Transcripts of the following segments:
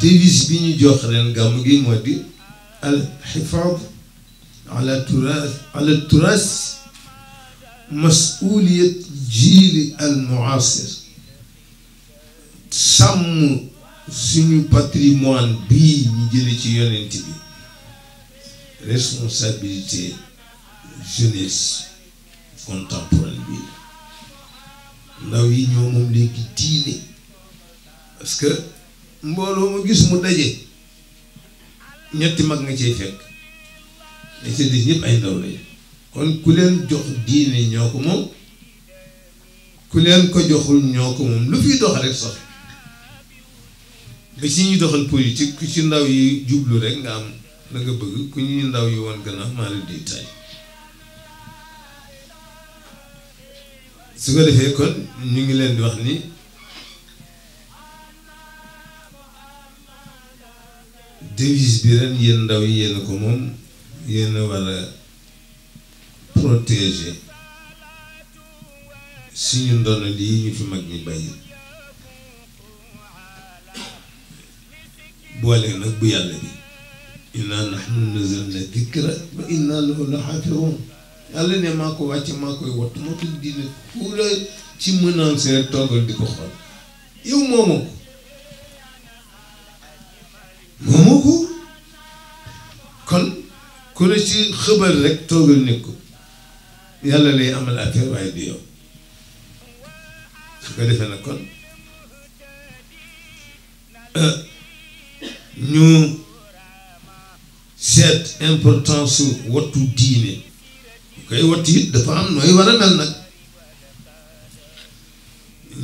devise bi ñu jox ren gàmmu gi moo di al xifaad ala turas ala turas masuliyat jiili al muasir sàmm suñu patrimoine bii ñu jële ci yonent bi responsabilité jeunesse contemporaine bi ndaw yi ñoo moom léegi diine parce mbooloo mu gis mu daje ñetti mag nga ciy fekk li ci des ñëpp ay ndaw lañu kon ku leen jox diine ñoo ko moom ku leen ko joxul ñoo ko moom lu fiy dox rek soxla ba ci ñuy doxal politique ku ci ndaw yi jublu rekk nga am la nga bëgg ku ñuy ndaw yi woon gannaaw maa la di tay su ko defee kon ñu ngi leen di wax nii devise bi ren yéen ndaw yi yéen ko moom yéen a war a protéger suñu ndono lii ñu fi mag ñi bàyyi boole nag bu yàlla bi inna nahnu nazzalna dikra wa inna lahu lahafizun yàlla ne maa ko wàcce maa koy wattu moo tax dina la ci mënaan rek toogal di ko xool yow moomoo ko moomoo ko kon ku ne ci xëbal rek toogal nit ko yàlla lay amal affaire waaye du yow su ko defee nag kon euh, ñu seet importance su wattu diine koy wattu it dafa am nooy war a mel nag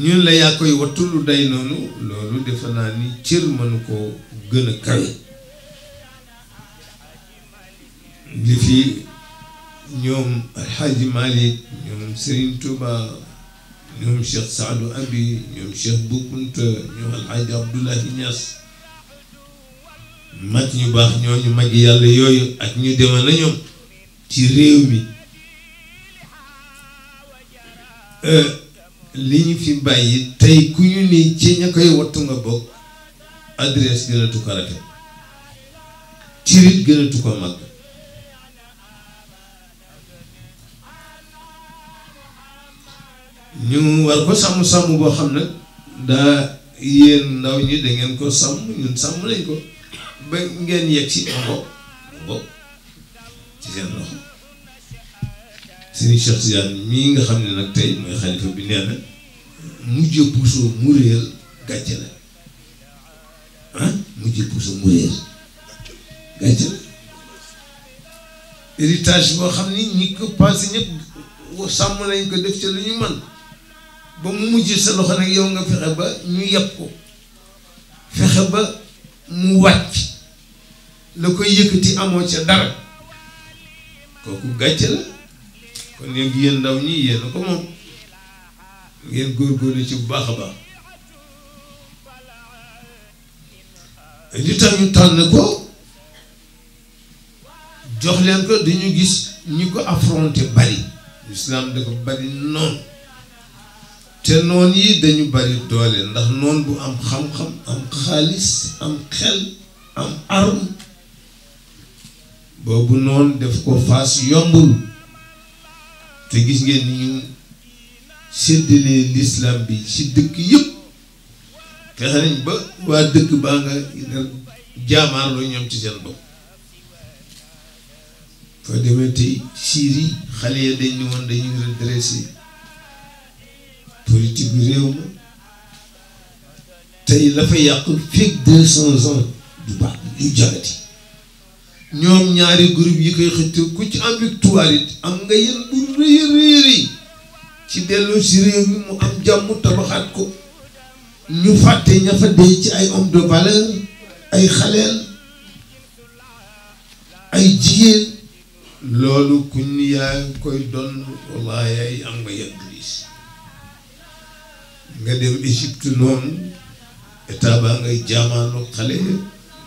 ñun la yaa koy wattu lu day noonu loolu defe naa ni cër mënu koo gën a kawe li fi ñoom Alxaaji Malik ñoom Serigne Touba ñoom Cheikh Saadu Abi ñoom Cheikh Bukunta ñoom Alxaaji Abdoulahi Niass mag ñu baax ñooñu mag yàlla yooyu ak ñu dema na ñoom ci réew mi euh, li ñu fi bàyyi tey ku ñu ni ci ña koy wattu nga bokk adresse gënatu ko rafet tirit gënatu ko mag ñu war ko sàmm-sàmm boo xam nag daa yéen ndaw ñi dangeen ko sàmm ñun sàmm lañ ko ba ngeen yegg si ma bokk ci seen loxo Serigne Cheikh Tidiane mii nga xam ne nag tey mooy xalifa bi nee na mujj mu réer gàcce la ah mujj puso mu réer gàcce la héritage boo xam ne ñi ko passé ñëpp sàmm nañ ko def ci lu ñu ba mu mujj sa loxo nag yow nga fexe ba ñu yeb ko fexe ba mu wàcc la koy yëkkati amoon ca dara kooku gàcce la kon léegi yéen ndaw ñi yéen ko moom ngeen góorgóorlu ci bu baax a baax li ñu tànn ko jox leen ko dañu gis ñi ko affronté bari lislaam dafa bari noonu te noon yi dañu bari doole ndax noon bu am xam-xam am xaalis am xel am arme boobu noonu def ko faas yombul te gis ngeen ni ñu séddalee lislaam bi ci dëkk yëpp fexe nañ ba waa dëkk baa nga jaamaarloo ñoom ci seen bopp foo demee tey Syrie xale ya dañ ni woon dañuy redressé politique bi réew ma tey la fa yàq fekk deux cents ans du baax du jagati ñoom ñaari groupe yi koy xëcc ku ci am victoire it am nga yenn rëy a ci delloo si réew mi mu am jàmm tabaxaat ko ñu fàtte ña fa dee ci ay homme de valeur ay xaleel ay jigéen loolu kuñ ni yaa koy donn wallaay yaay am nga yaddulis nga dem Égypte noonu état baa ngay jaamaanu xale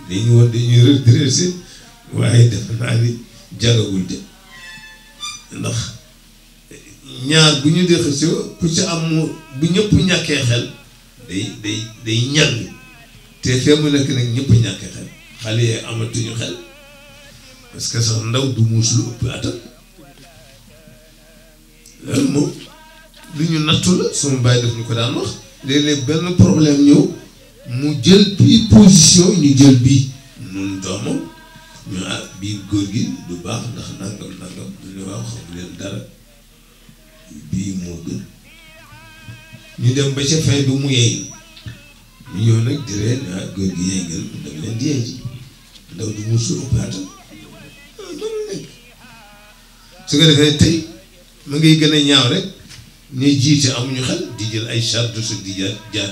li ñu war dañuy redressé waaye def naa ni jagagul de ndax ñaar bu ñu dee xëccoo ku ci am bu ñëpp ñàkkee xel day day day ñàng te fee mu nekk nag ñëpp ñàkkee xel xale yee amatuñu xel parce sax ndaw du muus lu ëpp atam loolu moom lu ñu nattu la sama bàyyi daf ñu ko daan wax léeg benn problème ñëw mu jël bii position ñu jël bii mun doomam ñu ah bii góor gi du baax ndax nangam nangam ñu ne waaw leen dara bii moo gën ñu dem ba ca fin bi mu yeey ñu ñëw nag di reen ah gi yeey gën leen di yeey ji ndaw du mu suur baata defee tey ma ngay gën a ñaaw rek ñu jiite ay charge su nga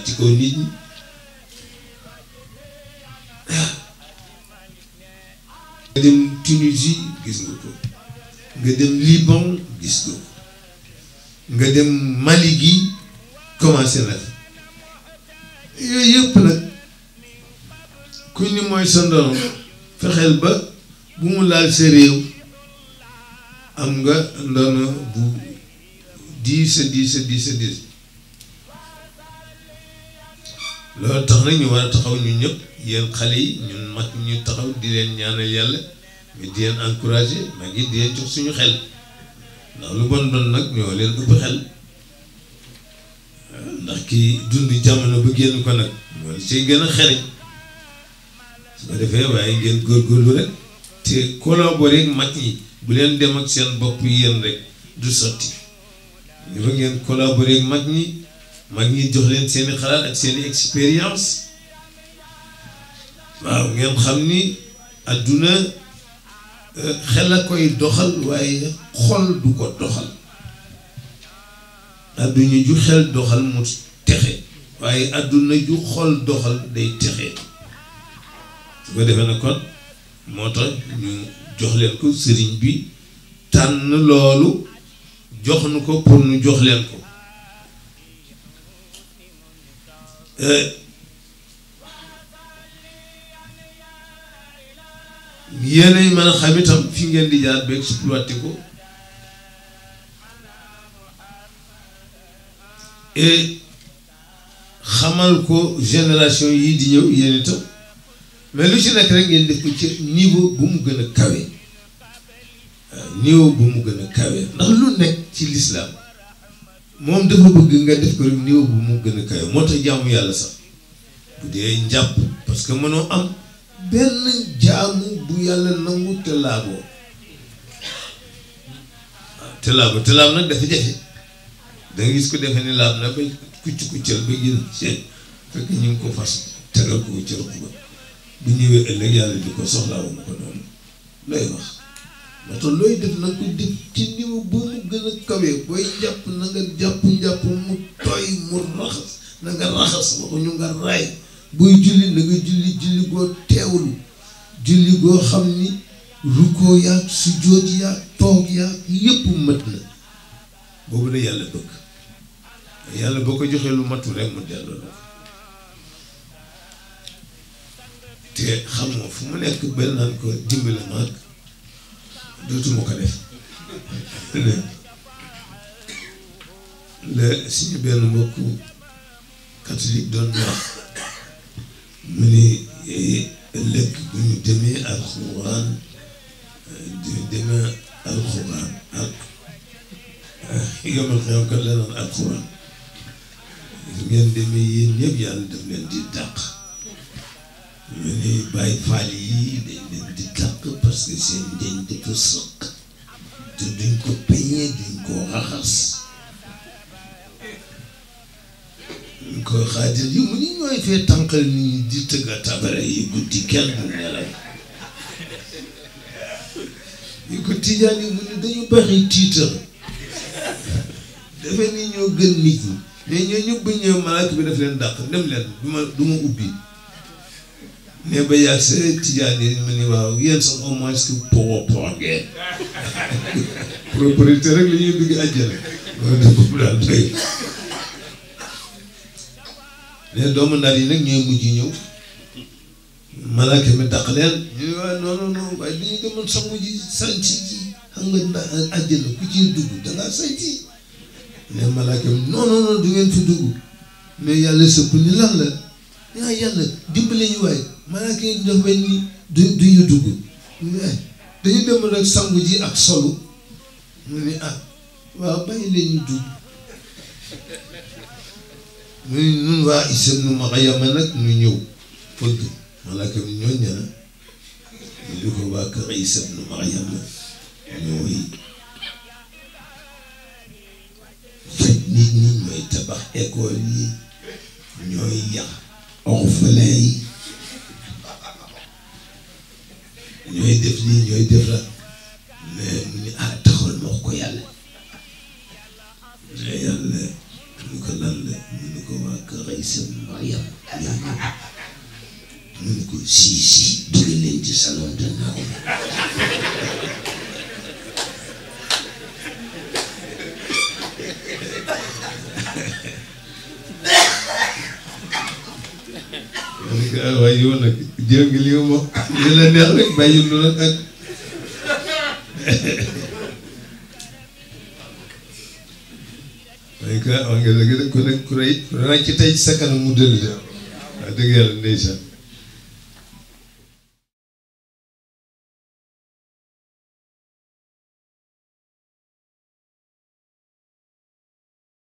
dem Tunisie gis nga ko nga dem Liban gis ko nga dem Mali gi commencé la yooyu yëpp nag ku ni mooy sa ndono fexeel ba bu mu laal sa réew am nga ndono bu diis a diis a diis a diis loolu tax na ñu war a taxaw ñu ñëpp yéen xale yi ñu mag ñu taxaw di leen ñaanal yàlla mais di leen encouragé maa ngi di leen jox suñu xel ndax lu bon bon nag ñoo leen ëpp xel ndax ki dund jamono ba génn ko nag loolu ci gën a xereñ su ko defee waaye ngeen góorgóorlu rek te collaborer ak mag ñi bu leen dem ak seen bopp yéen rek du sotti ñu fa ngeen collaborer ak mag ñi mag ñi jox leen seeni xalaat ak seeni expérience waaw ngeen xam ni adduna xel a koy doxal waaye xol du ko doxal àdduna ju xel doxal mu texe waaye àdduna ju xol doxal day texe su ko defee na kon moo tax ñu jox leen ko sëriñ bi tànn loolu jox nu ko pour nu jox leen ko euh, yéenay mën a xam itam fi ngeen di jaar beeg suppluwaati ko et xamal ko génération yii di ñëw yéen itam mais lu ci nekk rek ngeen def ko ci niveau bu mu gën a kawe euh, gën a ndax lu nekk ci lislaam moom dafa bëgg nga def ko rek niveau bu mu gën a kawe moo tax jaamu yàlla sax bu dee njàpp parce que mënoo am. benn jaamu bu yàlla nangu te laaboo te laaboo te laab nag dafa jafe da gis ko defe ni laab na ba kucc kuccal ba gën seen fekk ñu ngi ko fas tegal ko cër ko ba bu ñëwee ëllëg yàlla di ko soxlaawoon ko noonu looy wax moo looy def na ko def ci niveau bu mu gën a kawee booy jàpp na jàpp njàpp mu tooy mu raxas na nga raxas waxuñu nga raay buy julli na nga julli julli goo teewlu julli goo xam ni rukkoo yaag sujjóot yaag toog yaag yépp mat na boobu la yàlla bëgg yàlla boo ko joxee lu matul rek mu delloo la te xamoo fu mu nekk benn naan ko def la suñu benn mbokku catholique doon wax mu ni eh, ëllëg bu ñu demee alxuraan eh, du demee alxuraan ak eh, yomal xew kan la alxuraan ngeen demee yéen ñëpp yàlla daf leen di dàq mu ni bàyyi faal yi dañ leen di dàq parce que seen njëñ dafa sëq te duñ ko peñee duñ ko raxas ñu koy xaadir yi mu ñu ñooy fee tànqal nit ñi di tëgga tabare yi guddi kenn yi ko tijaan yi mu ñu dañu baxi tiital dafa ni ñoo gën nit ñi mais ñoo ñëpp bu ñëw malaaka bi daf leen dàq dem leen ubbi ne ba yàgg sa tijaan yi ma ni waaw yéen sax au moins que poxo poxo ngeen propriété rek la ñuy dugg àjjana loolu dafa daal doy ne doomu naa yi nag ñooy mujj ñëw malaaka mi dàq leen ñu waaye noonu noonu waaye dañu demoon sangu xam nga ndax àjjana ku ci dugg dangaa ngeen fi mais yàlla sëpp ni lan la yaa yàlla dimbale ñu waaye malaaka yi daf mel du ñu dugg eh, dañu demoon rek sangu ji ak solu mu ne ah waaw bàyyi leen ñu dugg ñu ñun waa Hizbut Maryama nag ñu ñëw fëgg malaaka mi ñooñ ña na ñu di ko waa kër Hizbut Maryama ñooy faj nit ñi ñooy tabax école yi ñooy yar orphelin yi isim Maryam mun ko sii sii dugal leen ci salon de naaw waaye yow nag jéem ngi lii moom li la neex rek bàyyi lu la ak waaye que wax nga dëgg ku ne ku ne ku ne ci tey sa kanam mu dëll de wax dëgg yàlla ndeysaan